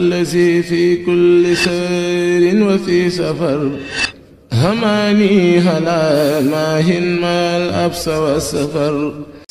الذي في كل سير وفي سفر هماني هلا ماهن ما الأبس والسفر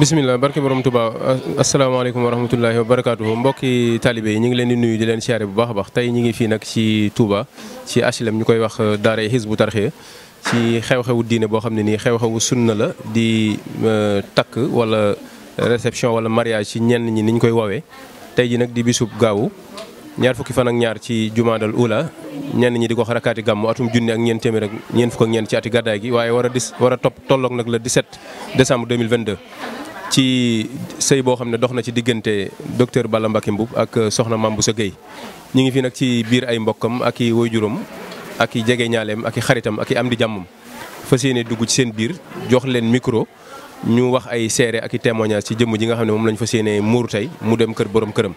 bisimilah barke borom Touba asalaamaaleykum wa rahmatullahi wa barakaatuhu mbokki taalibe yi ñu ngi leen di nuyu di leen siyaare bu baax a baax tey ñu ngi fii nag ci Touba ci HLM ñu koy wax euh, Daara bu Tarqiyyah ci xew-xewu diine boo xam ne nii xew-xewu sunna la di euh, takk wala réception wala mariage ci ñenn ñi ni ñu koy woowee tey ji nag di bisub gaawu ñaar fukki fan ak ñaar ci jumaadal ula ñenn ñi di ko xarakaati gàmm atum junne ak ñeent téeméer ak ñeent fukk ak ci ati gàddaay gi waaye war a dis war a topp tolloog nag le 17 décembre ci sëy boo xam ne dox na ci diggante docteur bala mbaki Mbuub ak euh, soxna Mame sa Gueye ñu ngi fi nag ci biir ay mbokkam ak i juróom ak i jege ñaaleem ak xaritam aki i am di jàmmam fas yéene dugg ci seen biir jox leen micro ñu wax ay seere ak i témoignage ci jëmm ji nga xam ne moom lañ fa yéenee muur tey mu dem kër borom këram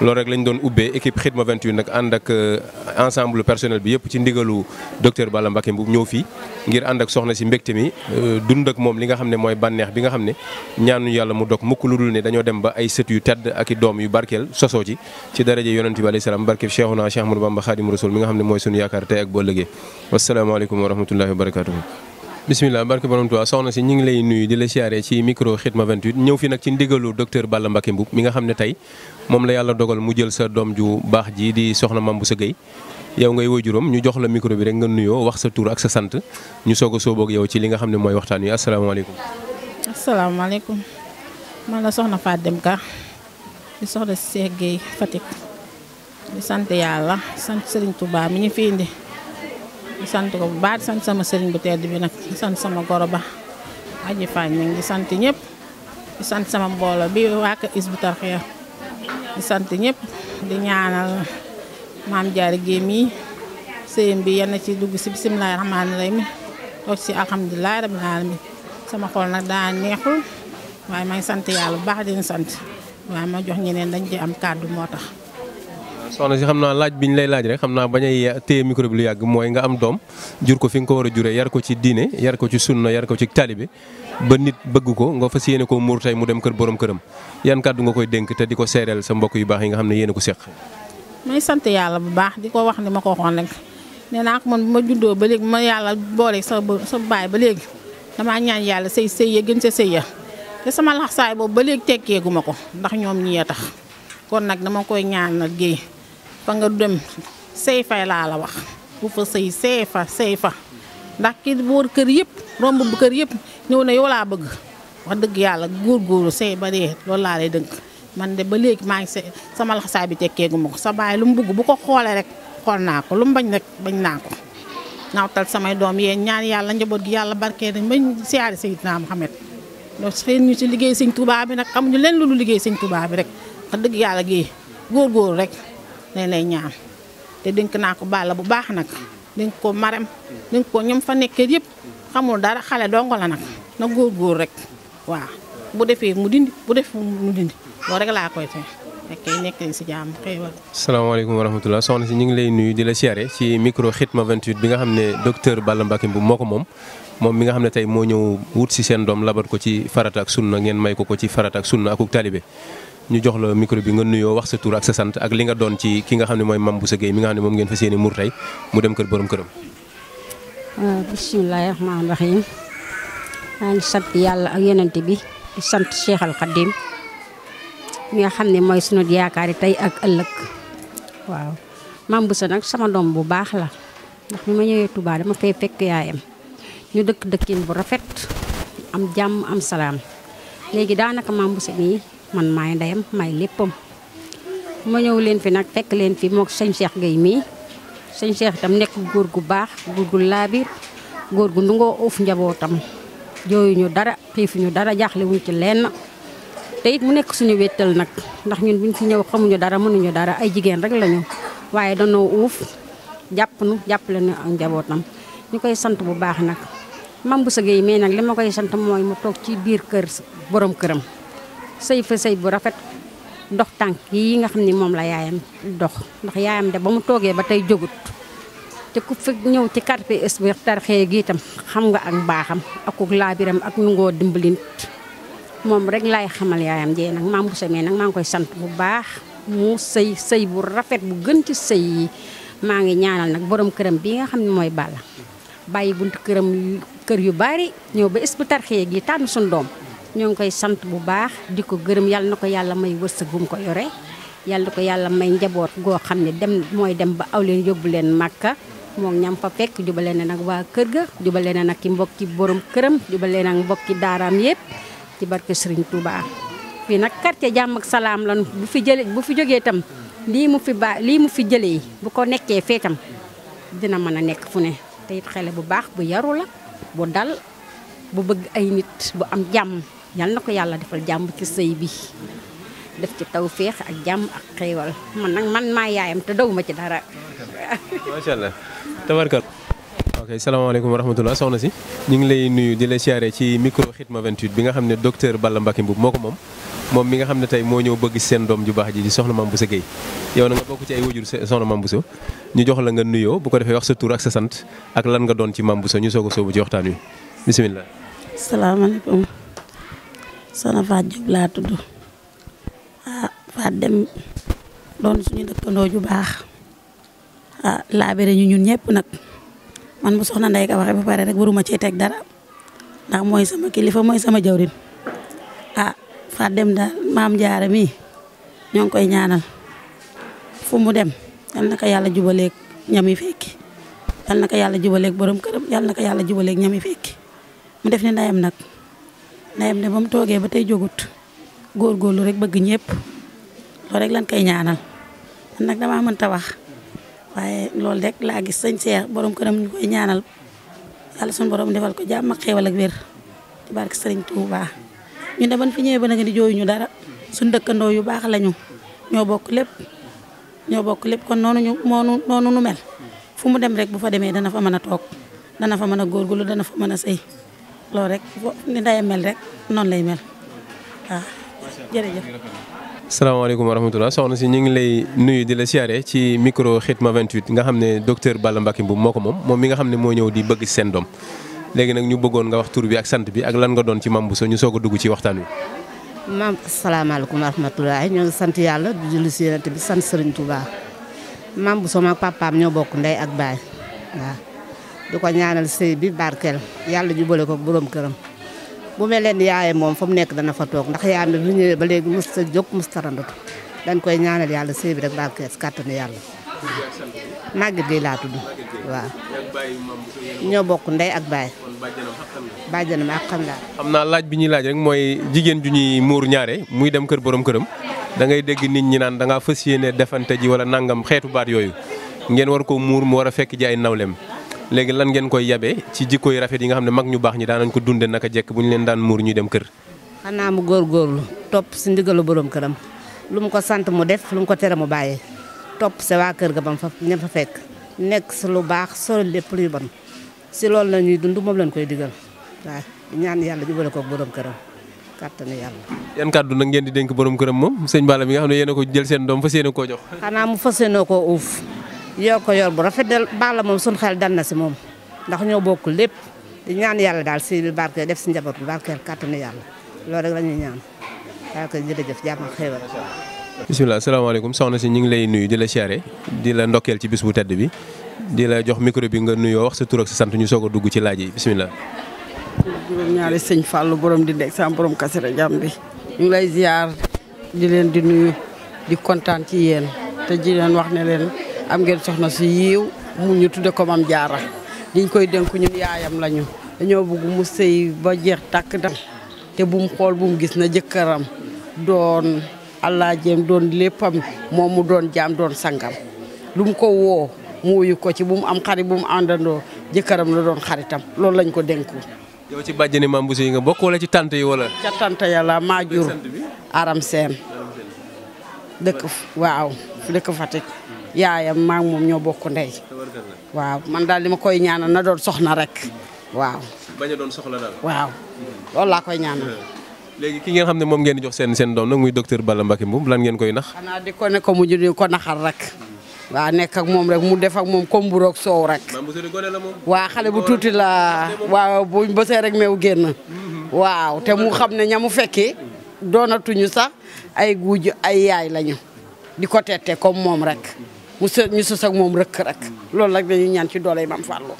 loolu rek lañ doon ubbee équipe Khidma 28 nag ànd ak euh, ensemble personnel bi yëpp ci ndigalu docteur Balla Mbacké bu ñëw fii ngir ànd ak soxna si mbégte mi euh, dund ak moom li nga xam ne mooy bànneex bi nga xam ne ñaanu yàlla mu dog mukk lu dul ne dañoo dem ba ay sët yu tedd ak i doom yu barkeel sosoo ci ci daraje yonent bi alayhi salaam barkeb ne mooy suñu yaakaar tey ak boo lëgee wasalaamaaleykum wa rahmatullahi bisimilah barke borom Tuubaa soxna si ñu ngi lay nuyu di la siyaare ci micro Khidma 28 ñëw fi nag ci ndigalu docteur Balla Mbacké Mbuub mi nga xam ne tey moom la yàlla dogal mu jël sa doom ju baax ji di soxna Mame Bousso Gueye yow ngay juróom ñu jox la micro bi rek nga nuyoo wax sa tuur ak sa sant ñu soog a soobook ak yow ci li nga xam ne mooy waxtaan wi asalaamaaleykum. asalaamaaleykum man la soxna Fadem Ka di soxna Cheikh Gueye Fatick di sant yàlla mi ñu fi di sant ko bu baax di sant sama sëriñ bu tedd bi nag di sant sama goro ba aji faañ mi ngi sant ñëpp di sant sama mbooloo bi waa kër di sant ñëpp di ñaanal maam jaari géem yi sëyam bi yenn ci dugg si bisimilahi rahmaani rahim toog si alhamdulilahi rabbil alamin sama xool nag daa neexul waaye may sant yàlla bu baax di sant waaye ma jox ñeneen dañ ci am kàddu moo tax soxna si xam naa laaj bi ñu lay laaj rek xam naa bañ a téye micro lu yàgg mooy nga am doom jur ko fi nga ko war a juree yar ko ci diine yar ko ci sunna yar ko ci taalibe ba nit bëgg ko nga fas yéene ko muur tay mu dem kër borom këram yan kàddu nga koy dénk te di ko seereel sa mbokk yu baax yi nga xam ne yéen ko seq. may sant yàlla bu baax di ko wax ni ma ko waxoon rek nee naa ko man bu ma juddoo ba léegi ma yàlla boole sa sa baay ba léeg damaa ñaan yàlla say sëy ya gën sa sëy ya sama laxsaay boobu ba léegi ma ko ndax ñoom ñi tax kon nag dama koy ñaanal géey fa nga du dem sey fay laa la wax bu fa sëy sey fa sey fa ndax ki wóor kër yëpp romb bu kër yëpp ñëw na yow laa bëgg wax dëgg yàlla góorgóorlu sey ba loolu laa lay dënk man de ba léegi maa ngi sama laxasaay bi tekkeegu ma sa baay lu mu bugg bu ko xoolee xool naa ko lu mu bañ rek bañ naa ko nawtal samay doom yéen ñaan yàlla njaboot gi yàlla barkee nañ bañ siyaari Seydina Muhammad do xëy ci liggéey sëñ Tuubaa bi nag xamuñu leen lu liggéey sëñ bi rek dëgg yàlla gi góorgóorlu rek lañ lay ñaan te dënk naa ko Balla bu baax nag dénk ko Marème dénk ko ñoom fa nekkee yëpp xamul dara xale dongo la nag na góor-góor rek waaw bu defee mu dindi bu def mu dindi loolu rek laa koy tey nekk nekk si jàmm xéewal. salaamaaleykum wa rahmatulah soxna si ñu ngi lay nuyu di la siyaare ci micro Khidma 28 bi nga xam ne docteur Balla Mbacké Mbuub moo ko moom. moom mi nga xam ne tey moo ñëw wut si seen doom labat ko ci farata ak sunna ngeen may ko ko ci farata ak sunna akuk taalibe ñu jox la micro bi nga nuyoo wax sa tur ak sa sant ak li nga doon ci ki nga xam ne mooy Mame Bousso Gueye mi nga xam ne dem kër borom këram. waaw euh, bisimilah rahmaani ak yonent bi sant Cheikh Al mi nga xam ne mooy sunu yaakaar tey ak ëllëg waaw Mame sa nag sama doom bu baax la ndax bi ma ñëwee Touba dama fay fekk yaayam ñu dëkk dëkkiin bu rafet am jàmm am salaam léegi daanaka Mame Bousso bi man maay ndeyam may léppam ma ñëw leen fi nag fekk leen fi moog sëñ Cheikh Gueye mii sëñ Cheikh itam nekk góor gu baax góor gu laabir góor gu ndungoo uuf njabootam jooyuñu dara xiifuñu dara jaaxlewuñ ci lenn te it mu nekk suñu wéttal nag ndax ñun buñ ci ñëw xamuñu dara mënuñu dara ay jigéen rek lañu waaye danoo uuf jàpp nu jàppale nu ak njabootam ñu koy sant bu baax nag mam bu sa Gueye mii nag li ma koy sant mooy mu toog ci biir kër borom këram sëy fa sëy bu rafet dox tànk yi nga xam ni moom la yaayam dox ndax yaayam de ba mu toogee ba tey jógut te ku fi ñëw ci quartier Hizbut Tarqiyyah xam nga ak baaxam akuk laabiram ak ngoo dimbalint moom rek laay xamal yaayam jee nag maam bu samee nag maa ngi koy sant bu baax mu sëy sëy bu rafet bu gën ci sëy yi maa ngi ñaanal nag borom këram bi nga xam ne mooy Balla bàyyi buntu këram kër yu bari ñëw ba Hizbut Tarqiyyah gi tànn suñu doom ñoo ngi koy sant bu baax di ko gërëm yàlla na ko yàlla may wërsëg bu mu ko yore yàlla na ko yàlla may njaboot goo xam ne dem mooy dem ba aw leen yóbbu leen màkka moom ñam fa fekk jubale na nag waa kër ga jubale na nag ki mbokki borom këram jubale na mbokki daaraam yëpp ci barke Serigne Touba. fii nag quartier jàmm ak salaam la bu fi jëlee bu fi jógee itam lii mu fi ba lii mu fi jëlee bu ko nekkee fee itam dina mën a nekk fu ne te it xele bu baax bu yaru bu dal bu bëgg ay nit bu am jàmm. yal na ko yàlla defal jàmm ci sëy bi def ci taw ak jàmm ak xéewal man nag man maa yaayam te dawuma ci dara. macha allah tabarkal. ok salaamaaleykum wa rahmatulah soxna si. ñu ngi lay nuyu di la siyaare ci micro Khidma 28 bi nga xam ne docteur Balla Mbacké Mboub moo ko moom. moom mi nga xam ne tey moo ñëw bëgg seen doom ju baax ji di soxna Mame Bousso Gueye yow na nga bokk ci ay wajur soxna Mame Bousso ñu jox la nga nuyoo bu ko defee wax sa tur ak sa sant ak lan nga doon ci Mame Bousso ñu soog a soobu ci waxtaan wi bisimilah. soxna Faat Jóob laa tudd ah Faat dem doon suñu dëkkandoo ju baax ah laabere ñu ñun ñëpp nag man bu soxna Ndey Ka waxee ba pare rek waruma cee teg dara ndax mooy sama kilifa mooy sama jawrin ah Faat dem daal maam jaara mi ñoo ngi koy ñaanal fu mu dem yal na ko yàlla jubaleeg ñami fekki yal na yàlla jubaleeg borom këram yal na ko yàlla jubaleeg ñami fekki mu def ni ndeyam nag ndeyam de ba mu toogee ba tey jógut góorlu rek bëgg ñëpp loolu rek lan koy ñaanal nag dama mënta wax waaye loolu rek laa gis sëñ Seex borom këram ñu koy ñaanal yàlla suñ boroom defal ko jàmm ak xéewal ak wér ci barke Sëriñ ñu ñun de ban fi ñëwee ba nag di ñu dara suñ dëkkandoo yu baax lañu ñoo bokk lépp ñoo bokk lépp kon noonu ñu moonu noonu nu mel fu mu dem rek bu fa demee dana fa mën a toog dana fa mën a góorgóorlu dana fa mën a sëy loolu rek ni day mel rek noonu lay mel waaw jërëjëf. soxna si ñu ngi lay nuyu di la siyaare ci micro Khidma 28 nga xam ne docteur Balla Mbacké Mboum moo ko moom moom mi nga xam ne moo ñëw di bëgg seen doom léegi nag ñu bëggoon nga wax tur bi ak sant bi ak lan nga doon ci Mame Bousso ñu soog a dugg ci waxtaan wi. maam salaamaaleykum wa rahmatulah ñoo sant yàlla di julli si Yonent bi sant Serigne Touba Mame Bousso bokk ndey ak baay waaw. di ko ñaanal sëy bi barkeel yàlla jubale ko borom këram bu mel leen yaaye moom fa mu nekk dana fa toog ndax yaayam bi mu ñëwee ba léegi mos a jóg mos a randatu dañ koy ñaanal yàlla sëy bi rek barkeel kàttani kàttanu yàlla màgget gi laa tudd waaw ñoo bokk ndey ak baay bàjjanam ak xam laa xam naa laaj bi ñuy laaj rek mooy jigéen ju ñuy muur ñaare muy dem kër borom këram dangay dégg nit ñi naan danga ngaa fas yéene defante ji wala nangam xeetu baat yooyu ngeen war ko muur mu war a fekk ji ay nawleem léegi lan ngeen koy yabee ci jikko yu rafet yi nga xam ne mag ñu baax ñi daanañ ko dunde naka jekk bu ñu leen daan muur ñuy dem kër xanaa mu góorgóorlu topp si ndigalu borom këram lu mu ko sant mu def lu mu ko tere mu bàyyee topp sa waa kër ga bam fa ñam fa fekk nekk si lu baax solo lépp luy bon si loolu la ñuy dund moom lañ koy digal waaw ñaan yàlla jubale ko borom këram kàttanu yàlla. yan kàddu nag ngeen di dénk borom këram moom sëñ Balla bi nga xam ne ko jël seen doom fas yéene koo koo uuf yoo ko yor bu rafet del Balla moom suñu xel dal na si moom ndax ñoo bokkul lépp di ñaan yàlla daal si bi barke def si njaboot bu barkeel kàttanu yàlla loolu rek la ñuy ñaan daal ko jërëjëf jàmm ak xéewal bisimilah salaamaaleykum soxna si ñu ngi lay nuyu di la di la ci bis bu tedd bi di la jox micro bi nga nuyoo sa tur sant ñu soog a dugg ci laaj yi bisimilah. juróom-ñaari sëñ Fallou borom di nekk sam borom kasira jàmm bi ñu ngi lay ziar di leen di nuyu di kontaan ci yéen te ji leen wax ne leen. am ngeen soxna si yiiw mu ñu tudde ko Mame Diarra liñ koy denku ñun yaayam lañu dañoo bëgg mu sëy ba jeex tàkk da te bum xool bu gis na jëkkëram doon allah jéem doon léppam moom mu doon jaam doon sangam lu mu ko woo mu wuyu ko ci bu am xarit bu mu àndandoo jëkkëram la doon xaritam loolu lañ ko dénku. yow ci bàjjeni maam Bousso yi nga bokk wala ci tant yi wala. ca tante yàlla maa jur aram seen dëkk waaw dëkk Fatick. yaayam maa moom ñoo bokk ndey. waaw man daal li ma koy ñaanal na doon soxna rek. waaw. bañ a waaw loolu laa koy ñaanal. léegi ki ngeen xam ne moom ngeen di jox seen seen doom nag muy docteur Balla Mbacké Mbuum lan ngeen koy nax. xanaa di ko ne ko mujj di ko naxal rek. waaw nekk ak moom rek mu def ak moom comme bu roog soow rek. waaw xale bu tuuti la waaw buñ bësee rek meew génn. Mm-hmm. waaw te mu xam ne ña mu fekki doonatuñu sax ay guuj ay yaay lañu di ko tette comme moom rek. mu sa ñu sës ak moom rëkk rek loolu rek dañuy ñaan ci doole yi maam Fallou.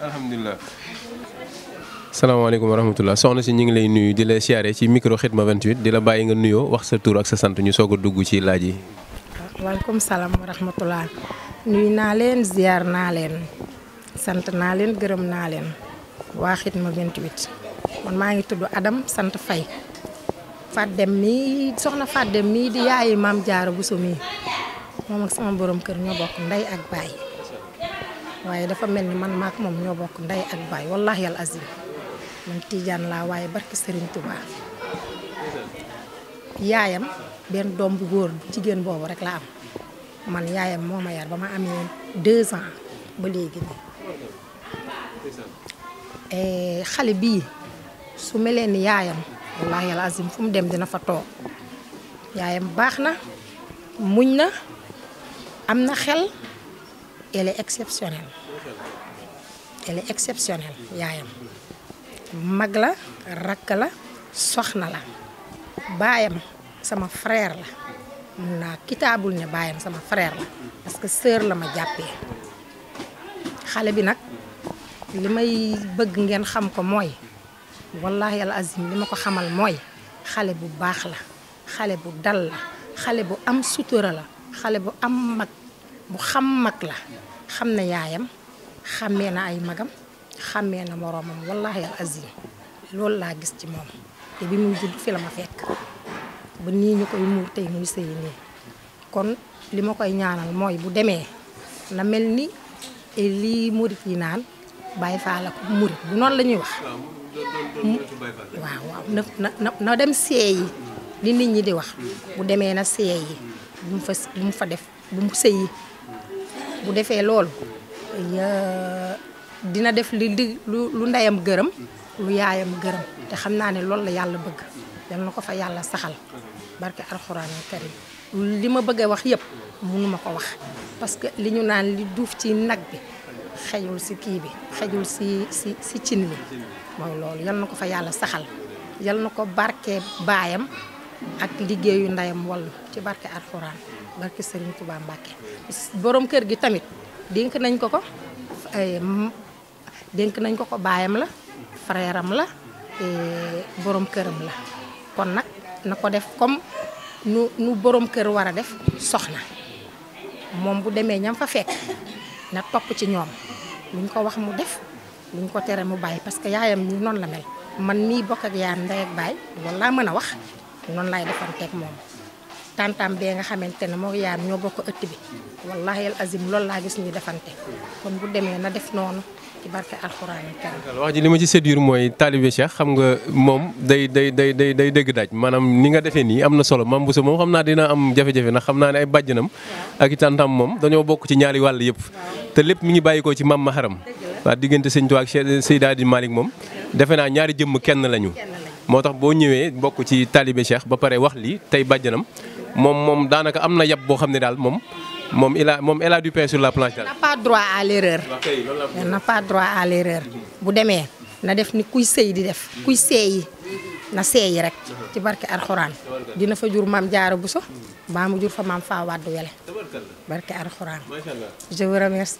alhamdulilah. salaamaaleykum soxna si ñu ngi lay nuyu di la siyaare ci micro Khidma 28 di la bàyyi nga nuyoo wax sa tur ak sa sant ñu soog a dugg ci laaj yi. waaleykum salaam wa rahmatulah nuyu naa leen ziar naa leen sant naa leen gërëm naa leen waa Khidma 28 man maa ngi tudd Adam sant fay Fat Dem mii soxna Fat Dem mii di yaayi maam Jaara Bousso mii moom ak sama borom kër ñoo bokk ndey ak baay waaye dafa mel ni man maak moom ñoo bokk ndey ak baay wallaahi al azim man tiijaan laa waaye barki sëriñ Tuubaa yaayam benn doom bu góor jigéen boobu rek la am man yaayam moo ma yar ba ma amee deux ans ba léegi nii eh, xale bii su melee ni yaayam wallaahi al azim fu mu dem dina fa toog yaayam baax na muñ na am na xel elle est exceptionnelle elle est exceptionnelle yaayam mag la rakk la soxna la baayam sama frère la mun naa kitaabul ne baayam sama frère la parce que sœur la ma jàppee xale bi nag li may bëgg ngeen xam ko mooy wallahi al azim li ma ko xamal mooy xale bu baax la xale bu dal la xale bu am sutura la xale bu am mag bu xam mag la xam na yaayam xàmmee na ay magam xàmmee na moroomam wallaahi al azim loolu laa gis ci moom te bi muy judd fi la ma fekk ba nii ñu koy muur tey muy sëy nii kon li ma koy ñaanal mooy bu demee na mel ni lii murit yi naan Baay Faal la ko murit bu noonu la ñuy wax waaw waaw na na dem seeyi li nit ñi di wax hmm. bu demee na seeyi bu mu fa bu mu fa def bu mu sëyi bu defee loolu dina def li li lu ndeyam gërëm lu yaayam gërëm te xam naa ne loolu la yàlla bëgg yal na ko fa yàlla saxal barke alxuraan karim li ma bëgg wax yëpp mënuma ko wax parce que li ñu naan li duuf ci nag bi xejul si kii bi xejul si si si cin li mooy loolu yal na ko fa yàlla saxal yal na ko barke baayam ak liggéeyu ndeyam wàllu ci barke alxuraan barki Serigne Touba Mbacke boroom kër gi tamit dénk nañ ko ko dénk nañ ko ko baayam la frère am la eh, borom këram la kon nag na ko def comme nu nu boroom kër war a def soxna moom bu demee ñam fa fekk na topp ci ñoom luñ ko wax mu def luñ ko tere mu bàyyi parce que yaayam ñu noonu la mel man mii bokk ak yaayam ndey ak baay loolu laa mën a wax noonu laay defanteeg moom tantam bee nga xamante ne moo yaayam ñoo bokk ëtt bi wallahi al azim laa gis ñu defante kon bu demee na def noonu ci barke alxuraan karim wax ji li ma ci séduire mooy taalibe Cheikh xam nga moom day day day day day dégg daaj maanaam ni nga defee nii am na solo maam Bousso moom xam naa dina am jafe-jafe xam naa ne ay bàjjanam ak moom dañoo bokk ci ñaari wàll yëpp te lépp mi ngi bàyyi ci maam Maharam waa diggante sëñ Tuubaa ak Seydi Hadji Malick moom defe naa ñaari jëmm kenn lañu moo tax boo ñëwee bokk ci taalibe Cheikh ba pare wax lii tey bàjjanam moom moom daanaka am na yab boo xam ne daal moom moom il moom elle a du pain sur la planche daal. n'a pas droit à l'erreur. n'a pas droit à bu demee na def ni kuy sëy di def kuy seeyi na yi rek ci barke alxuraan dina fa jur maam jaara buso baa mu jur fa maam faa wàddu wele barke alxuraan je vous remercie.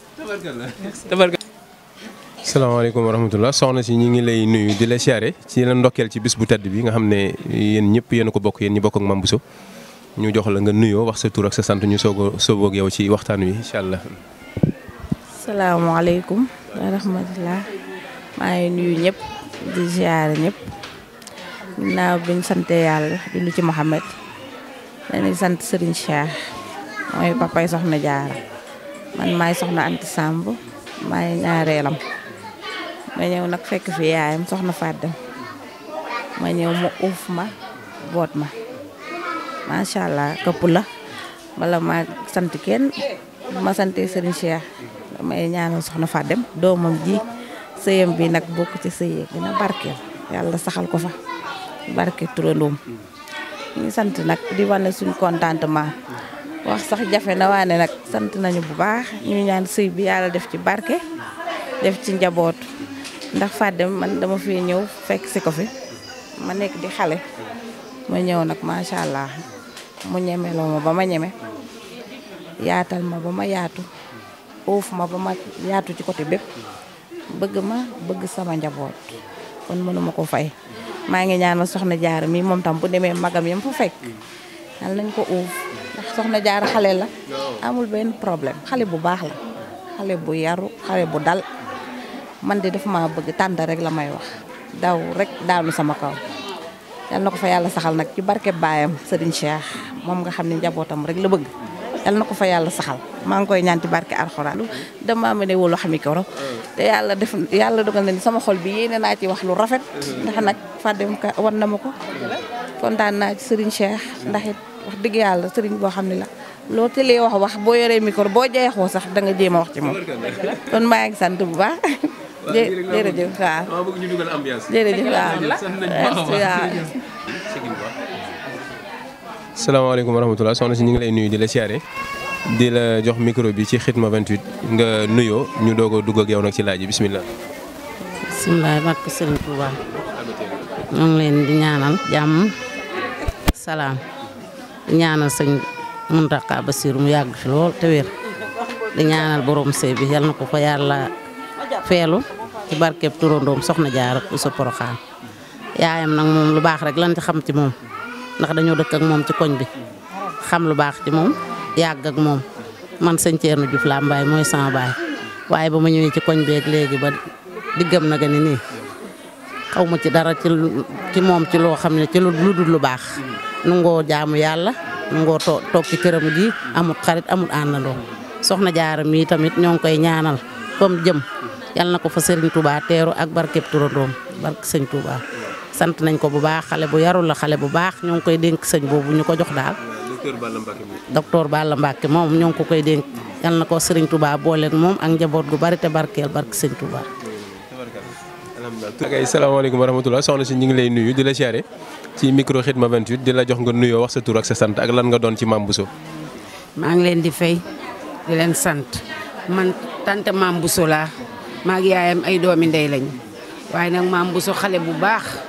salaamaaleykum wa soxna si ñu ngi lay nuyu di la siyaare ci la ndokkeel ci bis bu tedd bi nga xam ne yéen ñëpp yéen ko bokk yéen ñi bokk ak maam buso ñu jox la nga nuyoo wax sa tur ak sa sant ñu soog a soog yow ci waxtaan wi incha allah. salaamaaleykum wa rahmatulah ngi nuyu ñëpp di ziare ñëpp naaw bi ñu sant yàlla dund ci Mouhamed dañuy sant Serigne Cheikh mooy papay soxna Jaara man maay soxna Anta Samb maay ñaareelam ma ñëw nag fekk fi yaayam soxna Fadda ma ñëw mu uuf ma boot ma macha allah këpp la bala ma sant kenn ma sante Serigne Cheikh damay ñaanal soxna Fadem doomam ji sëyam bi nag bokk ci sëyee dina barkeel yàlla saxal ko fa barke turandoom ñu sant nag di wane suñu contentement wax sax jafe na waane nag sant nañu bu baax ñuy ñaan sëy bi yàlla def ci barke def ci njaboot ndax Fadem man dama fi ñëw fekk si ko fi ma nekk di xale ma ñëw nag macha allah. mu ñemeloo ma ba ma ñeme yaatal ma ba ma yaatu uuf ma ba ma yaatu ci côté bépp bëgg ma bëgg sama njaboot kon mënuma ko fay maa ngi ñaanal soxna jaar mii moom tam bu demee magam yam fa fekk yal nañ ko uuf soxna jaar xale la amul benn problème xale bu baax la xale bu yaru xale bu dal man di def ma bëgg tànda rek la may wax daw rek daanu sama kaw yal na ko fa yàlla saxal nag ci barke baayam Serigne Cheikh moom nga xam ne njabootam rek la bëgg yal na ko fa yàlla saxal maa ngi koy ñaan barke alxuraan damaa dama ne wóolu xam i koro te yàlla def yàlla dogal na ni sama xol bi yéene naa ci wax lu rafet ndax nag Fadem ka war na ma ko kontaan naa ci sëriñ Cheikh ndax it wax dëgg yàlla Serigne boo xam ne la loo tëlee wax wax boo yoree micro boo jeexoo sax da nga jéem a wax ci moom kon maa ngi bu baax jë jërëjëf waaw. waaw si ñu ngi lay nuyu di la siyaare di la jox micro bi ci xitma 28 nga nuyoo ñu doog dugg ak yow nag ci laaj yi bisimilah. bisimilah barke Sëriñ Tuuba ñoo ngi leen di ñaanal jàmm salaam di ñaanal sëñ Muntaxa Basiir mu yàgg fi lool te wér di ñaanal borom sëy bi yal na ko ko yàlla feelu ci barkeeb turandoom soxna jaar sa poroxaan yaayam nag moom lu baax rek lan ci xam ci moom ndax dañoo dëkk ak moom ci koñ bi xam lu baax ci moom yàgg ak moom man sëñ Thierno Diouf laa mbaay mooy sama baay waaye ba ma ñëwee ci koñ beeg léegi ba diggam na nga ni nii xaw ma ci dara ci ci moom ci loo xam ne ci lu dul lu baax nu ngoo jaamu yàlla nu ngoo toog ci këram gi amul xarit amul àndandoo soxna jaaram yi tamit ñoo koy ñaanal comme jëm yal na ko fa Serigne Touba teeru ak barkeb turandoom barke sëñ Touba sant nañ ko bu baax xale bu yarul la xale bu baax ñoo ngi koy dénk sëñ boobu ñu ko jox daal. docteur Balla Mbacke moom ñoo ngi ko koy dénk yal na ko Serigne Touba booleeg moom ak njaboot gu bari te barkeel barke sëñ Touba. ak ay salaamaaleykum wa rahmatulah soxna si ñu ngi lay nuyu di la siyaare ci micro Khidma 28 di la jox nga nuyoo wax sa tur ak sa sant ak lan nga doon ci Mame Bousso. maa ngi leen di fay di leen sant maag yaayam ay doomi ndey lañ waaye nag maam bu so xale bu baax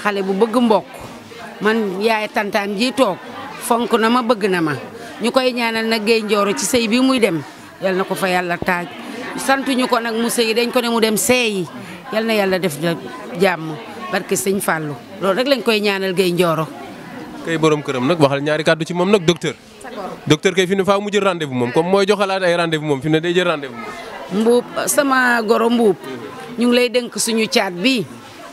xale bu bëgg mbokk man yaay tantaam ji toog fonk na ma bëgg na ma ñu koy ñaanal nag géey njooro ci sëy bi muy dem yal na ko fa yàlla taaj santuñu ko nag mu sëy dañ ko ne mu dem seeyi yal na yàlla def na jàmm barke sëñ Fallou loolu rek lañ koy ñaanal géey njooro kay borom këram nag waxal ñaari kàddu ci moom nag docteur docteur kay fi ne faaw mu jël rendez-vous moom comme mooy joxalaat ay rendez day jël rendez mbuub sama goro mbuub ñu ngi lay dënk suñu caat bi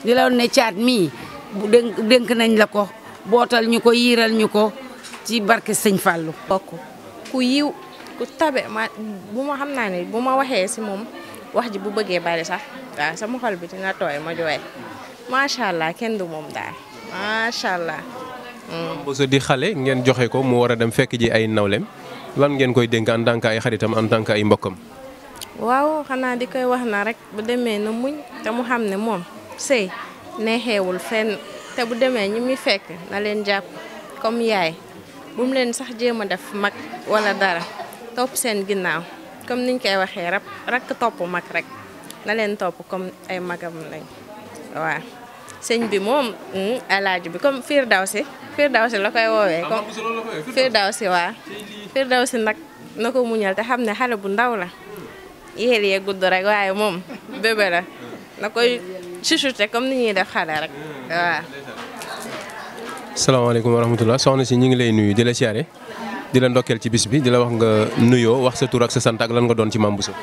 di la ne caat mii bu dénk nañ la ko bootal ñu ko yiiral ñu ko ci barke sëñ Fallou. bokk ku yiw ku tabe ma bu ma xam naa ni bu ma waxee si moom wax ji bu bëggee bari sax waaw sama xol bi dina tooy ma jooy macha allah kenn du moom daal macha allah. Mboso hmm. di xale ngeen joxe ko mu war a dem fekk ji ay nawlem lan ngeen koy dénk en tant que ay xaritam en tant ay mbokkam. waaw xanaa di koy wax na rek bu demee na muñ te mu xam ne moom sëy neexeewul fenn te bu demee ñi muy fekk na leen jàpp comme yaay bu mu leen sax jéem a def mag wala dara topp seen ginnaaw comme niñ koy waxee rab rakk topp mag rek na leen topp comme ay magam lañ waaw sëñ bi moom mm, alaaj bi comme fiir daw si daw si la koy woowee comme Firdawsi waa Firdawsi nag na ko muñal te xam ne xale bu ndaw la yéel yee gudd rek waaye moom bébé na koy chuchoté comme ni ñuy def xale rek waaw. salaamaaleykum wa rahmatulah soxna si ñu ngi lay nuyu di la siyaare di la ndokkeel ci bis bi di la wax nga nuyoo wax sa tur ak sa sant ak lan nga doon ci Mame Bousso.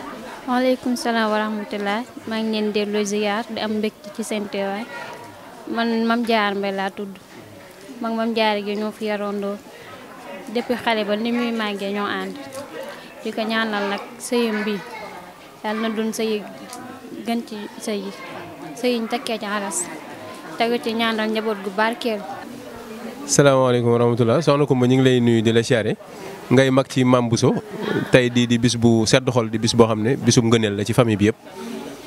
waaleykum salaam wa rahmatulah maa ngi leen di delloo ziar di am mbégte ci seen teewaay man Mame Diarra Mbaye laa tudd man Mame Diarra gi ñoo fi yarandoo depuis xale ba ni muy màggee ñoo ànd di ko ñaanal nag sëyam bi. yàlla na doon sëy gën ci sëy yi sëy yi ñu takkee ci aras tegu ci ñaanal njaboot gu barkeel. salaamaaleykum wa rahmatulah ko Koumba ñu ngi lay nuyu di la siyaare ngay mag ci Mame Bousso tey di di bis bu sedd xol di bis boo xam ne bisu ngëneel la ci famille bi yëpp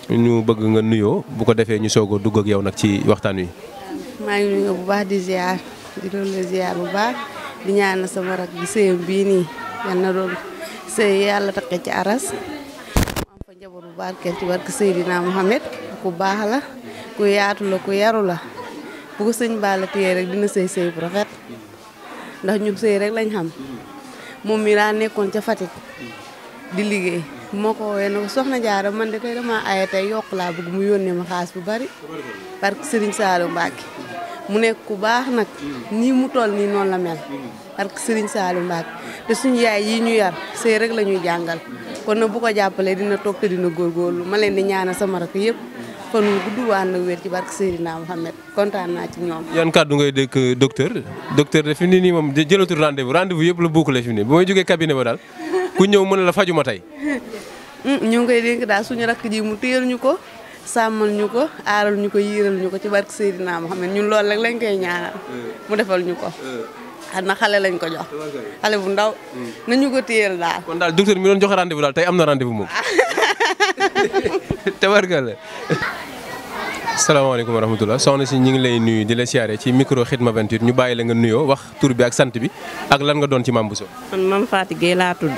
ñu bëgg nga nuyoo bu ko defee ñu soog a ak yow nag ci waxtaan wi. maa ngi nuyu bu baax di ziar di doon la ziar bu baax di ñaanal sama rak bi sëyam bii nii yal doon sëy yàlla ci aras. njaboot bu barkeel ci barke Seydina Mohamed ku baax la ku yaatu la ku yaru la bu ko sëñ Balla téye rek dina sëy sëy bu rafet ndax ñu sëy rek lañ xam moom mi daa nekkoon ca Fatick di liggéey moo ko woowee soxna jaara man de tey dama yokk laa bëgg mu yónnee ma xaas bu bari barke Serigne Saliou Mbacke mu nekk ku baax nag nii mu nii noonu la mel barke Serigne Saliou Mbacke te suñu yi ñu yar sëy rek la ñuy jàngal kon nag bu ko jàppalee dina toog te dina lu ma leen di ñaanal sama rakk yëpp kon gudd waan ak wér ci barke Seydina Mohamed kontaan naa ci ñoom. yan kàddu ngay dëkk docteur docteur de fi mu ne nii moom jëlatul rendez vous rendez vous yëpp la bouclé fi mu ne bu may jógee cabinet ba daal ku ñëw a la fajuma tey. Mm, ñu ngi koy dénk daal suñu rakk ji mu téyal ñu ko sàmmal ñu ko aaral ñu ko yiiral ñu ko ci barke Seydina Mohamed ñun loolu rek lañ koy ñaanal mu defal ñu ko. Eh, eh. xanaa xale lañ ko jox xale bu ndaw nañu ko téyeel daal. kon daal docteur mi doon joxe rendez-vous daal tey am na rendez-vous moom. tabarkalla. salaamaaleykum wa rahmatulah soxna si ñu ngi lay nuyu di la siyaare ci micro Khidma 28 ñu bàyyi la nga nuyoo wax tur bi ak sant bi ak lan nga doon ci maam Bousso. man maam Fatou Gueye laa tudd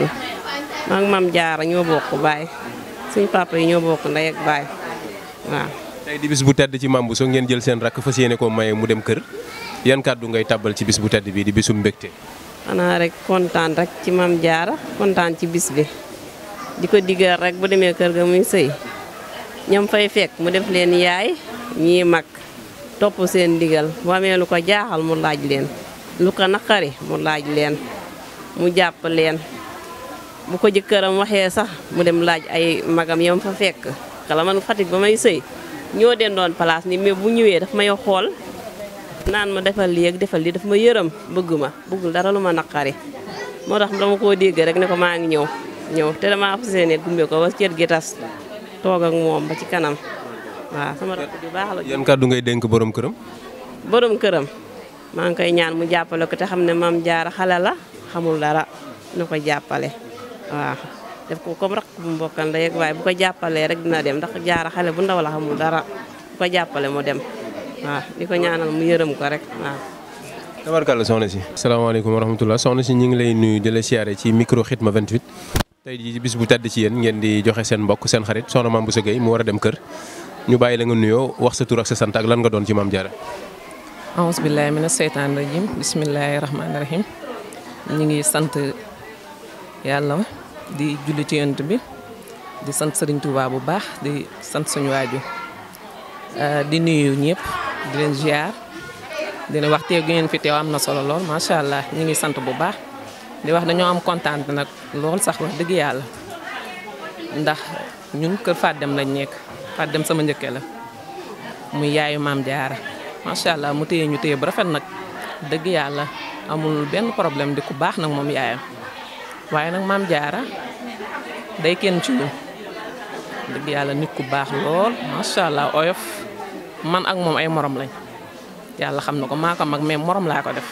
maam maam Diarra ñoo bokk baay suñ papa yi ñoo bokk ndey ak baay waaw. tey di bu tedd ci maam ngeen jël seen rakk fas yéene koo maye mu dem kër. yan kàddu ngay tàbbal ci bis bu tedd bi di bisum mbégte. xanaa rek kontaan rek ci Mame jaar kontaan ci bis bi di ko digal rek bu demee kër ga muy sëy ñam fay fekk mu def leen yaay ñii mag topp seen digal bu amee lu ko jaaxal mu laaj leen lu ko naqari mu laaj leen mu jàpp leen bu ko jëkkëram waxee sax mu dem laaj ay magam yam fa fekk kala man Fatick ba may sëy ñoo den doon place ni mais bu ñëwee daf may xool naan ma defal lii ak defal lii daf ma yërëm bëgg ma bëggul dara lu ma naqari moo tax dama koo dégg rek ne ko maa ngi ñëw ñëw te damaa fas gumbe ko ba ceet gi tas toog ak moom ba ci kanam waaw sama rakk ju baax la. yan kàddu ngay dénk borom këram. borom këram maa ngi koy ñaan mu jàppale ko te xam ne maam jaar xale la xamul dara na ko jàppale waaw def ko kom rakk bu mbokkal la yeeg waaye bu ko jàppalee rek dina dem ndax jaar xale bu ndaw la xamul dara bu jàppale mu dem. waaw di ko ñaanal mu yërëm ko rek waaw. tabarkàlla soxna si. salaamaaleykum wa rahmatulah soxna si ñu ngi lay nuyu di la siyaare ci micro Khidma 28. tey jii bis bu tàdd ci yéen ngeen di joxe seen mbokk seen xarit soxna Mame Bousso Gueye mu war a dem kër ñu bàyyi la nga nuyoo wax sa tur ak sa sant ak lan nga doon ci Mame Diarra. aouzu billahi mina seytaan rajim bismillahi rahmaani rahim ñu ngi sant yàlla di julli ci yonent bi di sant Serigne Touba bu baax di sant suñu waaju di nuyu ñëpp. di leen ziar di leen wax teew gi ngeen fi teew am na solo lool macha allah ñu ngi sant bu baax di wax dañoo am kontaan nag lool sax wax dëgg yàlla ndax ñun kër Fadem lañ nekk Fadem sama njëkke la muy yaayu maam jaara macha allah mu téye ñu téye bu rafet nag dëgg yàlla amul benn problème di ku baax nag moom yaayam waaye nag maam jaara day kenn ci ñun dëgg yàlla nit ku baax lool macha allah oyof. man ak moom ay morom lañ yàlla xam na ko maa ko mag mais morom laa ko def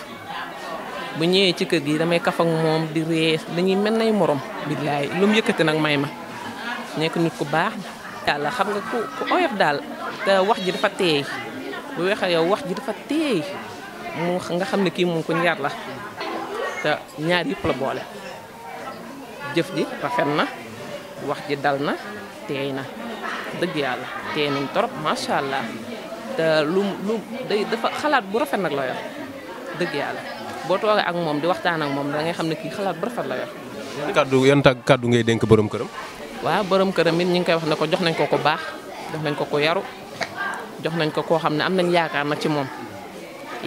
bu ñëwee ci kër gi damay kaf ak moom di ree dañuy mel na nay morom billaay lu mu yëkkati nag may ma nekk nit ku baax yàlla xam nga ku oyof daal te wax ji dafa teey bu weexee yow wax ji dafa teey mu nga xam ne kii moom ku ñaar la te ñaar yëpp la boole jëf ji rafet na wax ji dal na teey na dëgg yàlla teey nañ torop macha allah. te lu lu day dafa xalaat bu rafet nag la yor dëgg yàlla boo toogee ak moom di waxtaan ak moom dangay xam ne kii xalaat bu rafet la yor. yan kàddu yan tàgg kàddu ngay dénk borom këram. waaw borom këram it ñu ngi koy wax ne ko jox nañ ko ko baax jox nañ ko ko yaru jox nañ ko koo xam ne am nañ yaakaar nag ci moom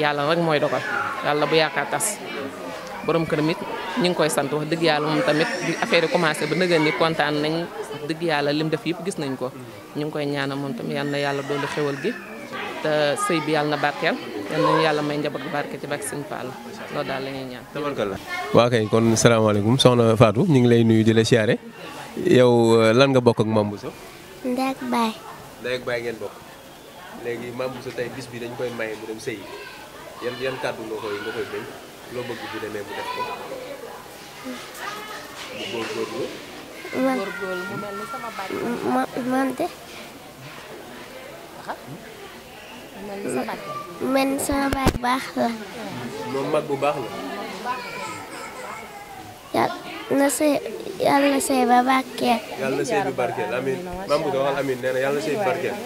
yàlla rek mooy dogal yàlla bu yaakaar tas. borom këram it ñu ngi koy sant wax dëgg yàlla moom tamit bi affaire yi ba nëgën ni kontaan nañ wax dëgg yàlla def yëpp gis nañ ko te sëy bi yàlla na barkeel yal yàlla may njaboot barke ci bak sëñ Fall daal la ñaan. waa kay kon salaamaaleykum soxna Fatou ñu ngi lay nuyu di la siyaare yow euh, lan nga bokk ak Mame Bousso. Ndeye ngeen bokk léegi Mame Bousso tey bis bi dañ koy maye mu dem sëy yan kàddu nga koy nga koy béy loo bëgg bu demee mu def ko. man man de. man sama baax la. moom mag bu baax la. yàlla na sëy yàlla ba barkeel. yàlla na sëy bi barkeel maam bu waxal amiin nee na na sëy bi barkeel.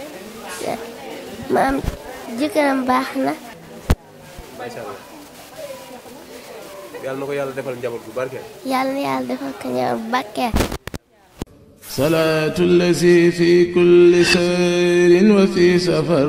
maam jëkkëram baax na. macha na ko yàlla defal njaboot bu barkeel. yàlla na yàlla defal ko njaboot bu barkeel. salaatu lazi fi kulli sayrin wa fi safar.